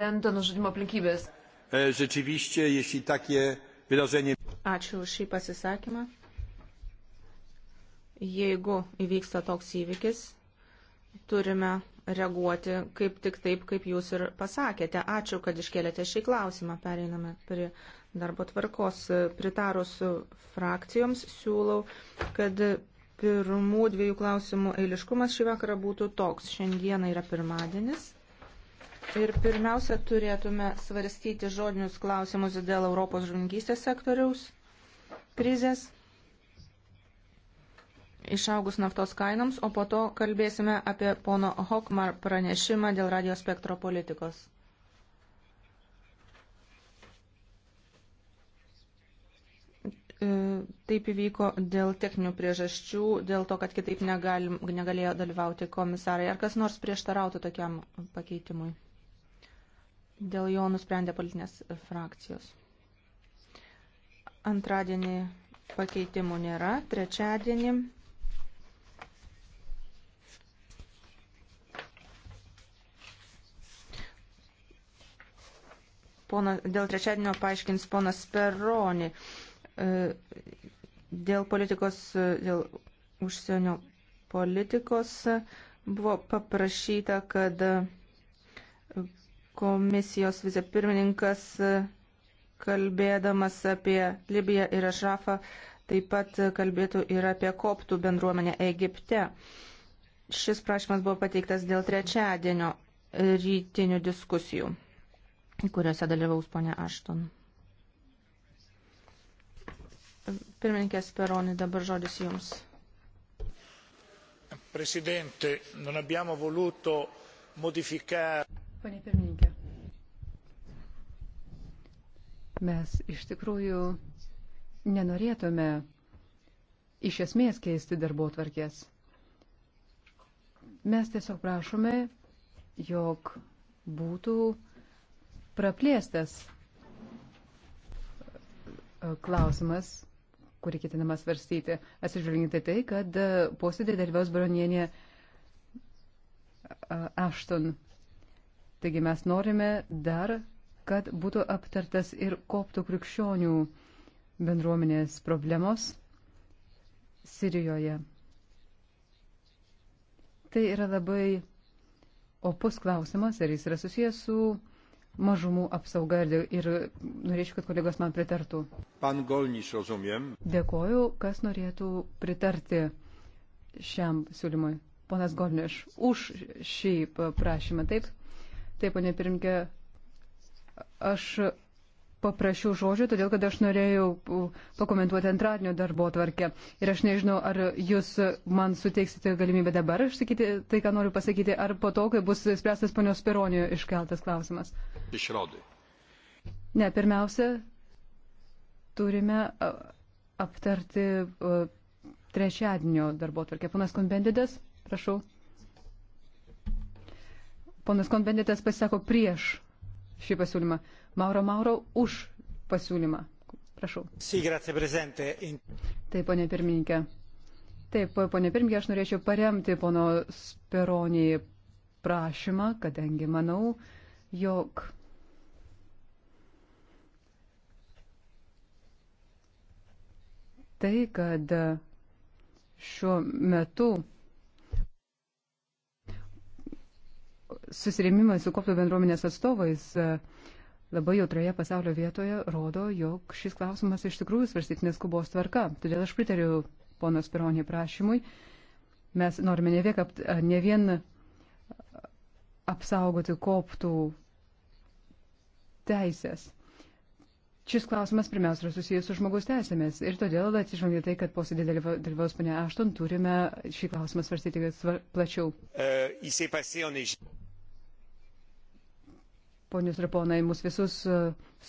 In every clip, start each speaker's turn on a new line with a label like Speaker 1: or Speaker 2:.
Speaker 1: prezidento nužudimo aplinkybės. E, rzeczywiście, jeśli takie wydarzenie. Ačiū už šį pasisakymą. Jeigu įvyksta toks įvykis, turime reaguoti kaip tik taip, kaip jūs ir pasakėte. Ačiū, kad iškėlėte šį klausimą. Pereiname prie darbo tvarkos. Pritarus frakcijoms siūlau, kad pirmų dviejų klausimų eiliškumas šį vakarą būtų toks. Šiandieną yra pirmadienis. Ir pirmiausia, turėtume svarstyti žodinius klausimus dėl Europos žuvininkystės sektoriaus krizės išaugus naftos kainams, o po to kalbėsime apie pono Hokmar pranešimą dėl radio spektro politikos. E, taip įvyko dėl techninių priežasčių, dėl to, kad kitaip negalim, negalėjo dalyvauti komisarai. Ar kas nors prieštarautų tokiam pakeitimui? Dėl jo nusprendė politinės frakcijos. Antradienį pakeitimų nėra. Trečiadienį Pona, dėl trečiadienio paaiškins ponas Peroni. E, dėl politikos, e, dėl užsienio politikos e, buvo paprašyta, kad komisijos vicepirmininkas, kalbėdamas apie Libiją ir Ašrafą, taip pat kalbėtų ir apie koptų bendruomenę Egipte. Šis prašymas buvo pateiktas dėl trečiadienio rytinių diskusijų, kuriuose dalyvaus ponia Ašton. Pirmininkė Speroni, dabar žodis jums. Presidente, non abbiamo voluto modificare.
Speaker 2: Pane pirmininkė, mes iš tikrųjų nenorėtume iš esmės keisti darbo tvarkės. Mes tiesiog prašome, jog būtų praplėstas e, klausimas, kurį ketinama svarstyti, atsižvelginti tai, kad e, posėdį dalyvaus baronienė e, Ashton. Taigi mes norime dar, kad būtų aptartas ir koptų krikščionių bendruomenės problemos Sirijoje. Tai yra labai opus klausimas, ar jis yra susijęs su mažumų apsauga ir, ir norėčiau, kad kolegos man pritartų.
Speaker 1: Pan Golniš,
Speaker 2: rozumiem. Dėkoju, kas norėtų pritarti šiam siūlymui. Ponas Golniš, už šį prašymą, taip? Taip, ponė pirmkė, aš paprašiau žodžio, todėl kad aš norėjau pakomentuoti antradienio darbo tvarkę. Ir aš nežinau, ar jūs man suteiksite galimybę dabar išsakyti tai, ką noriu pasakyti, ar po to, kai bus spręstas ponios Peronijo iškeltas klausimas. Išrodai. Ne, pirmiausia, turime aptarti trečiadienio darbo tvarkę. Panas Konbendidas, prašau. Ponas Konbenditas pasisako prieš šį pasiūlymą. Mauro Mauro už pasiūlymą. Prašau. Taip, ponė pirmininkė. Taip, ponė pirmininkė, aš norėčiau paremti pono Speronį prašymą, kadangi manau, jog tai, kad šiuo metu susirėmimai su koptų bendruomenės atstovais e, labai jautroje pasaulio vietoje rodo, jog šis klausimas iš tikrųjų svarstytinės skubos tvarka. Todėl aš pritariu ponos Pironė prašymui. Mes norime ne, viek, ne vien apsaugoti koptų teisės. Šis klausimas pirmiausia yra susijęs su žmogaus teisėmis ir todėl atsižvelgiant tai, kad posėdė dalyvaus ponia Ašton, turime šį klausimą svarstyti svar, plačiau. Uh, Ponius ir ponai, mus visus e,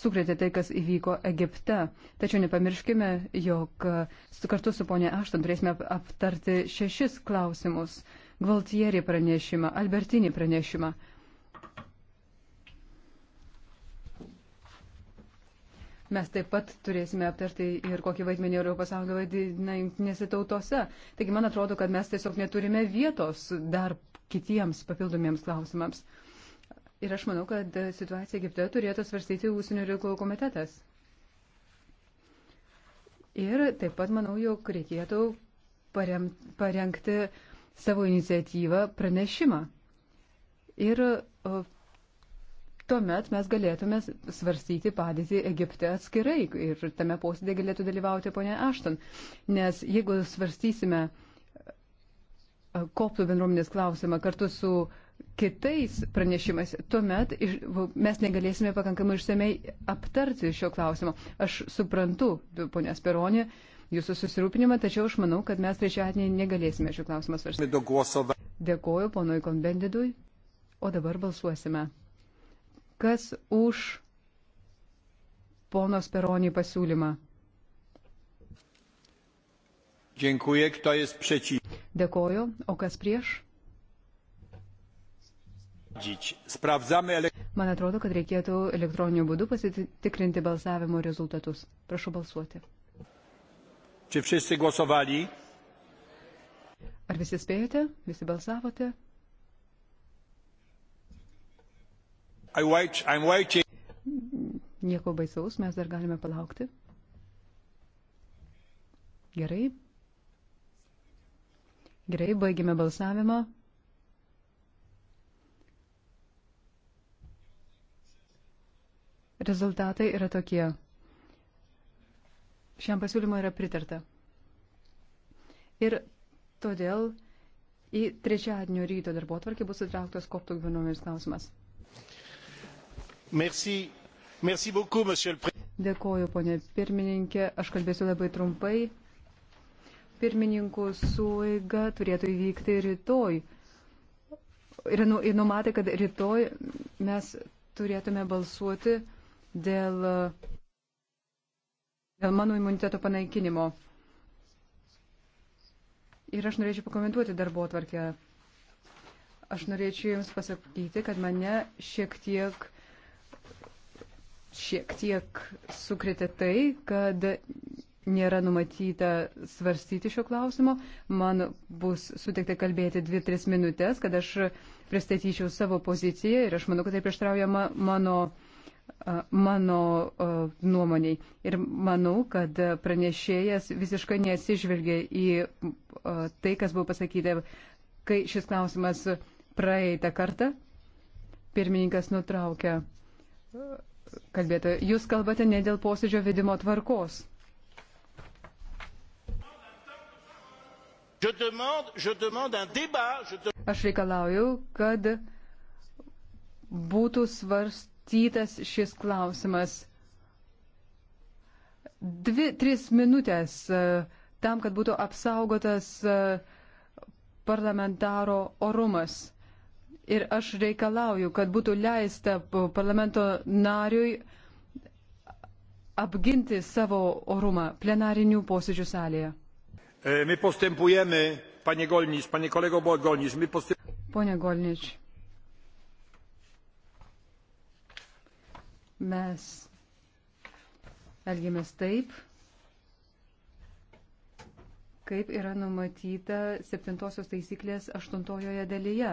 Speaker 2: sukrėtė tai, kas įvyko Egipte. Tačiau nepamirškime, jog e, kartu su ponė Ašton turėsime aptarti šešis klausimus. Gvaltierį pranešimą, Albertinį pranešimą. Mes taip pat turėsime aptarti ir kokį vaidmenį Europos Sąjunga vaidina jungtinėse tautose. Taigi man atrodo, kad mes tiesiog neturime vietos dar kitiems papildomiems klausimams. Ir aš manau, kad e, situaciją Egipte turėtų svarstyti ūsinių reikalų komitetas. Ir taip pat manau, jog reikėtų parem, parengti savo iniciatyvą pranešimą. Ir o, tuomet mes galėtume svarstyti padėtį Egipte atskirai ir tame posėdė galėtų dalyvauti ponia Ašton. Nes jeigu svarstysime e, koptų bendruomenės klausimą kartu su uh, kitais pranešimais, tuomet mes negalėsime pakankamai išsamei aptarti šio klausimo. Aš suprantu, ponia Speronė, jūsų susirūpinimą, tačiau aš manau, kad mes trečiadienį negalėsime šio klausimo svarstyti. Dėkoju ponui Konbendidui. O dabar balsuosime. Kas už pono Speronį pasiūlymą?
Speaker 1: Dziękuję, kto jest przeciw.
Speaker 2: Dėkoju. O kas prieš? Man atrodo, kad reikėtų elektroniniu būdu pasitikrinti balsavimo rezultatus. Prašau balsuoti.
Speaker 1: Čia visi głosowali?
Speaker 2: Ar visi spėjote? Visi balsavote?
Speaker 1: I wait, I'm waiting.
Speaker 2: Nieko baisaus, mes dar galime palaukti. Gerai. Gerai, baigime balsavimą. rezultatai yra tokie. Šiam pasiūlymui yra pritarta. Ir todėl į trečiadienio ryto darbo atvarkį bus įtrauktas koptų gyvenojus klausimas. Merci. Merci beaucoup, monsieur le président. Dėkoju, ponė pirmininkė. Aš kalbėsiu labai trumpai. Pirmininkų suiga turėtų įvykti rytoj. Ir nu, numatė, kad rytoj mes turėtume balsuoti dėl, dėl mano imuniteto panaikinimo. Ir aš norėčiau pakomentuoti darbo atvarkę. Aš norėčiau Jums pasakyti, kad mane šiek tiek, šiek tiek sukrėtė tai, kad nėra numatyta svarstyti šio klausimo. Man bus sutikta kalbėti 2-3 minutės, kad aš pristatyčiau savo poziciją ir aš manau, kad tai prieštraujama mano mano nuomoniai. Ir manau, kad pranešėjas visiškai nesižvelgia į tai, kas buvo pasakyta, kai šis klausimas praeitą kartą pirmininkas nutraukė kalbėtą. Jūs kalbate ne dėl posėdžio vedimo tvarkos. Aš reikalauju, kad būtų svarst svarstytas šis klausimas. Dvi, tris minutės e, tam, kad būtų apsaugotas e, parlamentaro orumas. Ir aš reikalauju, kad būtų leista parlamento nariui apginti savo orumą plenarinių posėdžių salėje.
Speaker 1: E, my postępujemy, panie Golnič, panie kolego Golnič, my postępujemy.
Speaker 2: Pone Golnič. mes elgiamės taip, kaip yra numatyta septintosios taisyklės aštuntojoje dalyje.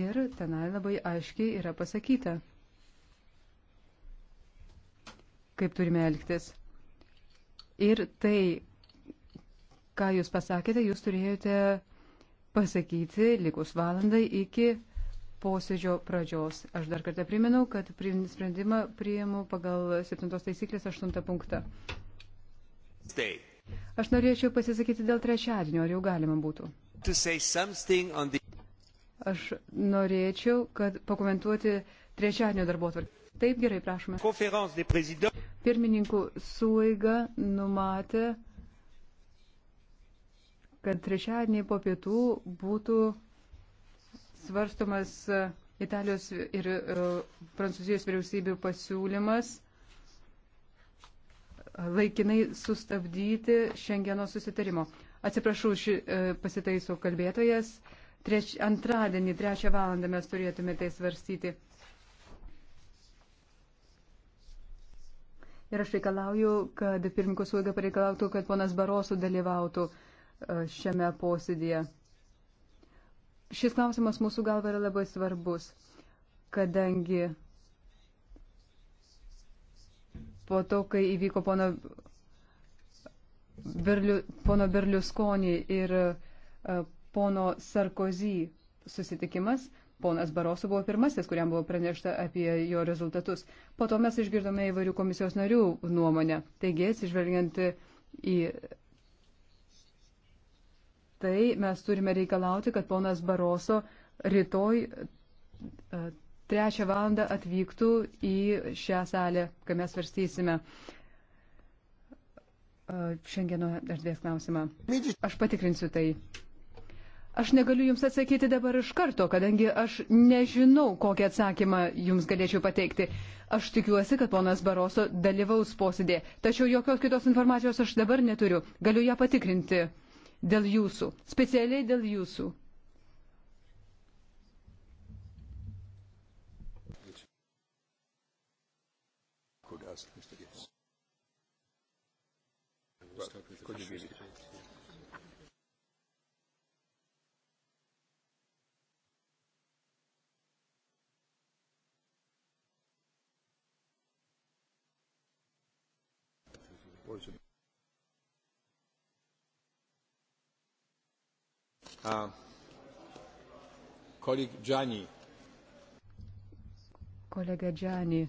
Speaker 2: Ir tenai labai aiškiai yra pasakyta, kaip turime elgtis. Ir tai, ką jūs pasakėte, jūs turėjote pasakyti likus valandai iki posėdžio pradžios. Aš dar kartą primenu, kad sprendimą priimu pagal 7 taisyklės 8 punktą. Stay. Aš norėčiau pasisakyti dėl trečiadienio, ar jau galima būtų. The... Aš norėčiau, kad pakomentuoti trečiadienio darbo tvarkį. Taip gerai, prašome. President... Pirmininkų suiga numatė, kad trečiadienį po pietų būtų svarstomas e, Italijos ir e, Prancūzijos vyriausybių pasiūlymas laikinai sustabdyti Šengeno susitarimo. Atsiprašau, ši, e, pasitaiso kalbėtojas. Treč, antradienį, trečią valandą mes turėtume tai svarstyti. Ir aš reikalauju, kad pirmininkos suoga pareikalautų, kad ponas Barosų dalyvautų šiame posėdėje šis klausimas mūsų galva yra labai svarbus, kadangi po to, kai įvyko pono, Berliu, pono Berliusconi ir uh, pono Sarkozy susitikimas, ponas Baroso buvo pirmasis, kuriam buvo pranešta apie jo rezultatus. Po to mes išgirdome įvairių komisijos narių nuomonę. Taigi, atsižvelgiant į tai mes turime reikalauti, kad ponas Baroso rytoj e, trečią valandą atvyktų į šią salę, kai mes svarstysime e, šiandieno erdvės klausimą. Aš patikrinsiu tai. Aš negaliu Jums atsakyti dabar iš karto, kadangi aš nežinau, kokį atsakymą Jums galėčiau pateikti. Aš tikiuosi, kad ponas Baroso dalyvaus posėdė, tačiau jokios kitos informacijos aš dabar neturiu. Galiu ją patikrinti dėl jūsų, specialiai dėl jūsų.
Speaker 1: Poison. Uh, kolik Džani.
Speaker 2: Kolega Džani.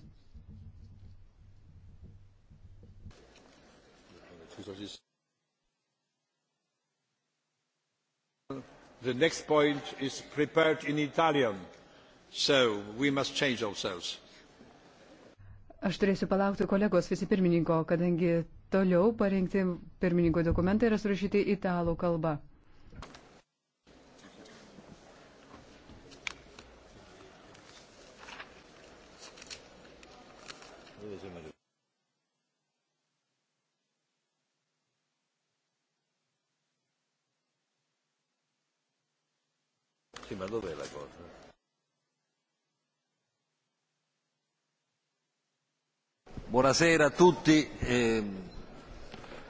Speaker 1: The next point is prepared in Italian, so we must change ourselves.
Speaker 2: Aš turėsiu palaukti kolegos vicepirmininko, kadangi toliau parengti pirmininko dokumentai yra surašyti italų kalba.
Speaker 1: ma dov'è la cosa? Buonasera a tutti. Eh,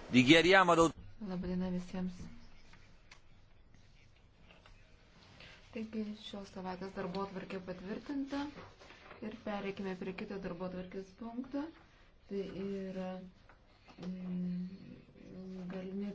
Speaker 1: dichiariamo ad...
Speaker 2: Labadiena visiems. Taigi šios savaitės darbo atvarkė patvirtinta ir pereikime prie kito darbo atvarkės punkto. Tai yra mm, ehm, galimi